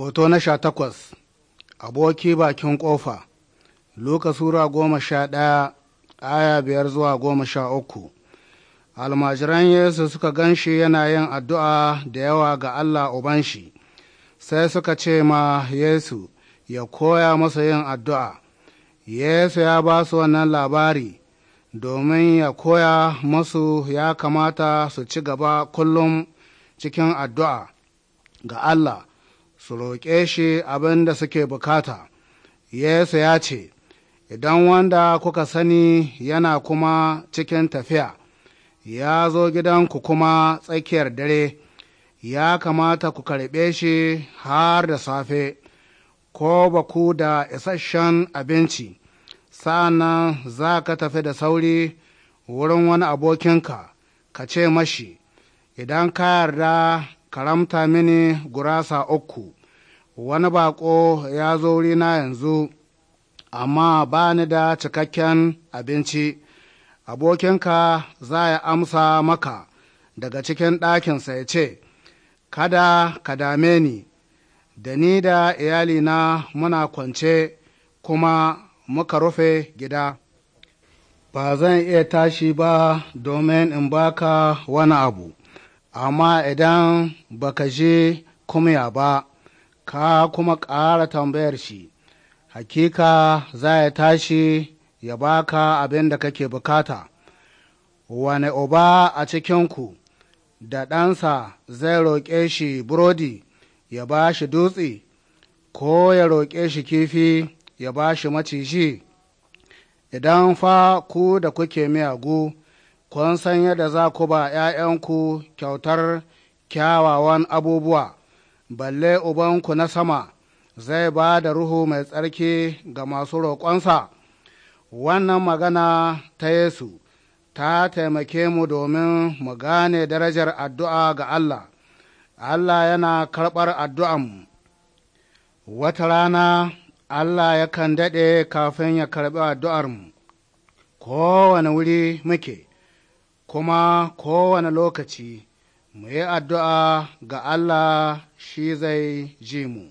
Hoto na sha takwas Aboki bakin ƙofa Luka Sura goma sha ɗaya aya biyar zuwa goma sha uku Almajiran Yesu suka gan shi yana yin addu'a da yawa ga Allah Ubanshi, sai suka ce ma Yesu ya koya masa yin addu'a. Yesu ya ba su wannan labari domin ya koya masu ya kamata su ci gaba kullum cikin addu'a ga Allah. su roƙe shi abin da suke bukata. Yesu ya ce, Idan wanda kuka sani yana kuma cikin tafiya, ya zo gidanku kuma tsakiyar dare, ya kamata ku karɓe shi har da safe, ko ba ku da isasshen abinci, sa'an za ka tafi da sauri wurin wani abokinka, ka ce mashi, Idan ka yarda karamta mini gurasa uku wani bako ya zo wurina yanzu amma ba ni da cikakken abinci abokinka za ya amsa maka daga cikin ɗakinsa ya ce kada ka dame ni da ni da iyalina muna kwance kuma muka rufe gida ba zan iya tashi ba domin in baka wani abu amma idan baka je kumya ba ka kuma ƙara tambayar shi hakika za ya tashi ya baka abin da kake bukata wane uba a cikinku da ɗansa zai roƙe shi burodi ya ba shi dutse ko ya roƙe shi kifi ya ba shi maciji idan fa ku da kuke miyagu kun san yadda za ku ba ’ya'yanku kyautar kyawawan abubuwa, balle Ubanku na sama zai ba da Ruhu mai tsarki ga masu roƙonsa. Wannan magana ta Yesu ta taimake mu domin mu gane darajar addu'a ga Allah. Allah yana karɓar addu'anmu. Wata rana Allah yakan daɗe kafin ya karɓi addu'armu, kowane wuri muke. kuma kowane lokaci mu yi addu'a ga Allah shi zai ji mu.